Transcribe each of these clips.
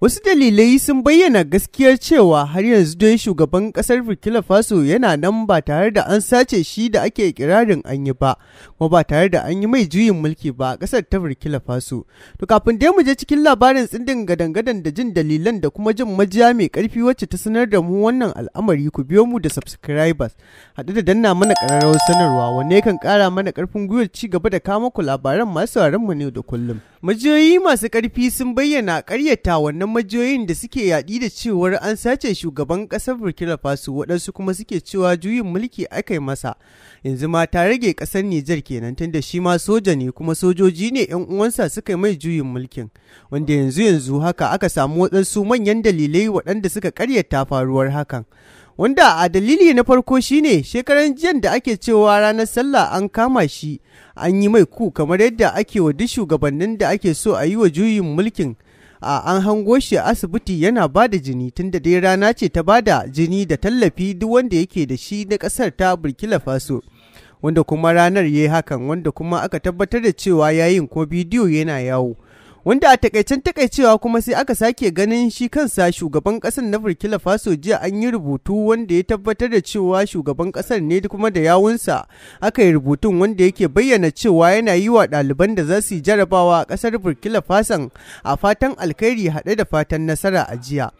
Wasu dalilai sun bayyana gaskiyar cewa har yanzu dai shugaban kasar Burkina Faso yana nan ba tare da an sace shi da ake kirarin an yi ba, kuma ba tare da an yi mai juyin mulki ba a kasar ta Burkina Faso. To kafin dai mu je cikin labarin tsindin gadangadan da jin dalilan da kuma jin majiya mai karfi wacce ta sanar da mu wannan al'amari ku biyo mu da subscribers. Haɗu da danna mana ƙararrawar sanarwa wanne kan ƙara mana ƙarfin gwiwar ci gaba da kawo muku labaran masu mu ne da kullum. Majiyoyi masu ƙarfi sun bayyana ƙaryata wannan majiyoyin da suke yaɗi da cewar an sace shugaban ƙasar Burkina Faso waɗansu kuma suke cewa juyin mulki aka yi masa. Yanzu ma ta rage ƙasar Nijar kenan tunda shi ma soja ne kuma sojoji ne 'yan uwansa suka mai juyin mulkin. Wanda yanzu yanzu haka aka samu waɗansu manyan dalilai waɗanda suka ƙaryata faruwar hakan. wanda a dalili na farko shine shekaran jiyan da ake cewa ranar sallah an kama shi an yi mai ku kamar yadda ake wa duk shugabannin da ake so a yi wa juyin mulkin a an hango shi a asibiti yana ba da jini tunda dai rana ce ta ba da jini da tallafi duk wanda yake da shi na kasar ta burkina faso wanda kuma ranar ya yi hakan wanda kuma aka tabbatar da cewa yayin ko bidiyo yana yawo wanda a takaicen takaicewa kuma sai aka sake ganin shi kansa shugaban kasar na burkina faso jiya an yi rubutu wanda ya tabbatar da cewa shugaban kasar ne kuma da yawunsa aka yi rubutun wanda yake bayyana cewa yana yi wa ɗaliban da za su yi jarabawa a kasar burkina faso a fatan alkhairi haɗe da fatan nasara a jiya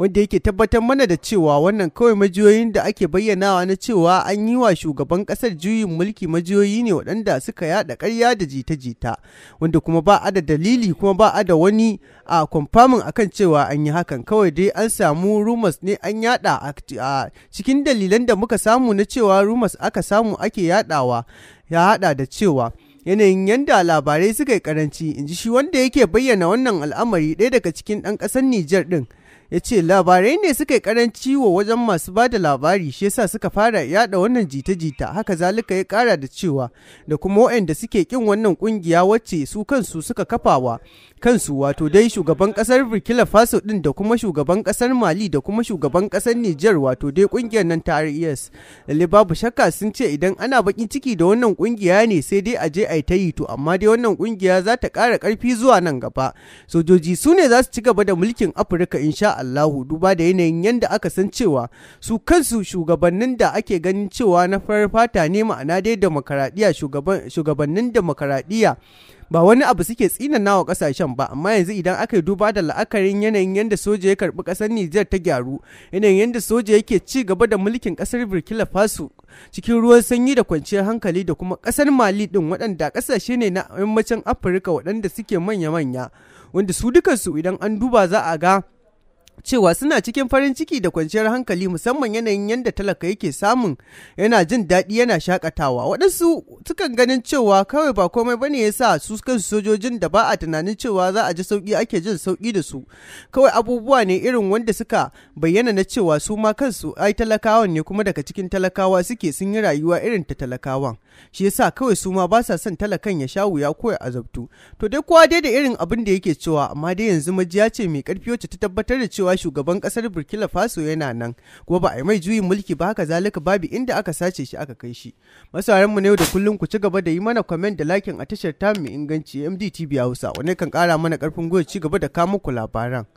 wanda yake tabbatar mana da cewa wannan kawai majiyoyin da ake bayyanawa na cewa an yi wa shugaban kasar juyin mulki majiyoyi ne waɗanda suka yada ƙarya da jita-jita wanda kuma ba a da dalili kuma ba a da wani a kwamfamin akan cewa an yi hakan kawai dai an samu rumors ne an yada a cikin dalilan da muka samu na cewa rumors aka samu ake yadawa ya hada da cewa yanayin yadda labarai suka yi karanci in ji shi wanda yake bayyana wannan al'amari ɗaya daga cikin ɗan ƙasar Nijar ɗin ya ce labarai ne suka yi karan ciwo wajen masu ba da labari shi yasa suka fara yada wannan jita-jita haka zalika ya kara da cewa da kuma waɗanda suke kin wannan kungiya wacce su kansu suka kafawa kansu wato dai shugaban kasar burkina faso din da kuma shugaban kasar mali da kuma shugaban kasar niger wato dai kungiyar nan ta res lalle babu shakka sun ce idan ana bakin ciki da wannan kungiya ne sai dai a je a yi ta yi to amma dai wannan kungiya za ta kara karfi zuwa nan gaba sojoji su ne za su ci gaba da mulkin afirka insha Allahu duba da yanayin yadda aka san cewa su kansu shugabannin da ake ganin cewa na farar fata ne ma'ana dai demokaradiyya shugabannin demokaradiyya ba wani abu suke tsinana wa kasashen ba amma yanzu idan aka yi duba da la'akarin yanayin yadda soja ya karbi kasar Nijar ta gyaru yanayin yadda soja yake ci gaba da mulkin kasar Burkina Faso cikin ruwan sanyi da kwanciyar hankali da kuma kasar Mali din waɗanda kasashe ne na yammacin Afirka waɗanda suke manya-manya wanda su dukansu idan an duba za a ga cewa suna cikin farin ciki da kwanciyar hankali musamman yanayin yadda talaka yake samun yana jin daɗi yana shakatawa waɗansu sukan ganin cewa kawai ba komai bane ya sa su kansu sojojin da ba a tunanin cewa za a ji sauƙi ake jin sauƙi da su kawai abubuwa ne irin wanda suka bayyana na cewa su ma kansu ai talakawan ne kuma daga cikin talakawa suke sun yi rayuwa irin ta talakawan shi yasa kawai su ma ba sa son talakan ya sha wuya ko ya azabtu to dai kowa dai da irin abin da yake cewa amma dai yanzu majiya ce mai ƙarfi wacce ta tabbatar da cewa cewa shugaban kasar burkina faso yana nan kuma ba a yi mai juyin mulki ba haka zalika babu inda aka sace shi aka kai shi masaran mu ne da kullum ku ci gaba da yi mana comment da lakin a tashar tamu mai inganci mdtv hausa wani kan kara mana karfin gwiwa ci gaba da kawo muku labaran